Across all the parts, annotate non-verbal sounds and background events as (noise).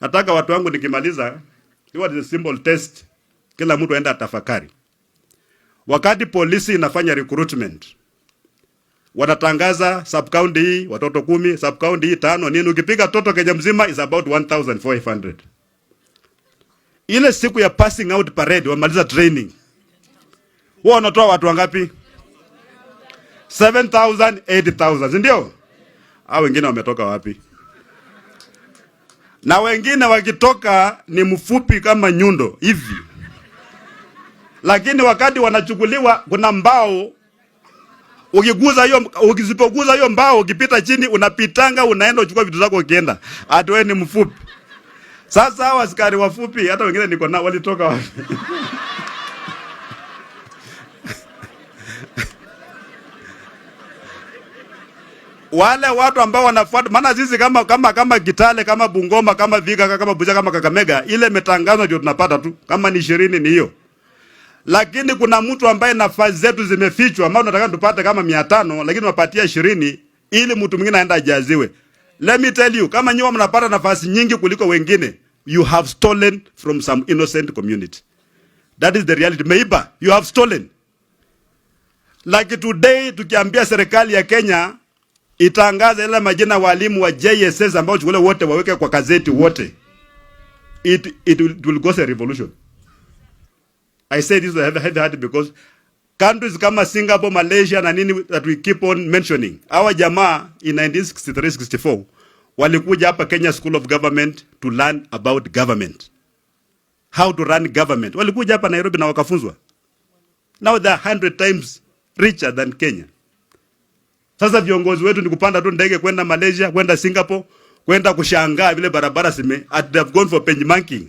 Nataka watu wangu nikimaliza, hiyo ni symbol test, kila mtu aenda atafakari. Wakati polisi inafanya recruitment, wanatangaza sub county hii watoto kumi, sub county hii tano, nini. Ukipiga toto Kenya mzima is about 1400. ile siku ya passing out parade wamaliza training, wao wanatoa watu wangapi? 7000 8000, ndio? Au wengine wametoka wapi? na wengine wakitoka ni mfupi kama nyundo hivi, lakini wakati wanachukuliwa kuna mbao ukiguza hiyo, ukisipoguza hiyo mbao, ukipita chini unapitanga, unaenda uchukua vitu zako ukienda. Hata wewe ni mfupi. Sasa hawa askari wafupi hata wengine niko nao walitoka wapi? (laughs) wale watu ambao wanafuata, maana sisi kama kama kama Kitale kama Bungoma kama Vika kama Busia kama Kakamega, ile imetangazwa ndio tunapata tu, kama ni ishirini ni hiyo. Lakini kuna mtu ambaye nafasi zetu zimefichwa, ambao tunataka tupate kama mia tano, lakini tunapatia ishirini ili mtu mwingine aenda ajaziwe. Let me tell you, kama nyewe mnapata nafasi nyingi kuliko wengine, you have stolen from some innocent community. That is the reality. Meiba, you have stolen. Like today tukiambia serikali ya Kenya itangaze ile majina walimu wa JSS ambao chukule wote waweke kwa gazeti wote. It, it will, it will cause a revolution. I say this with heavy heart because countries kama Singapore, Malaysia na nini that we keep on mentioning. Our jamaa in 1963 64 walikuja hapa Kenya School of Government to learn about government. How to run government. Walikuja hapa Nairobi na wakafunzwa. Now they are 100 times richer than Kenya. Sasa viongozi wetu ni kupanda tu ndege kwenda Malaysia, kwenda Singapore, kwenda kushangaa vile barabara sime at they have gone for benchmarking.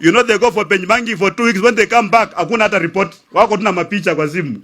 You know they go for benchmarking for two weeks when they come back hakuna hata report. Wako tuna mapicha kwa simu.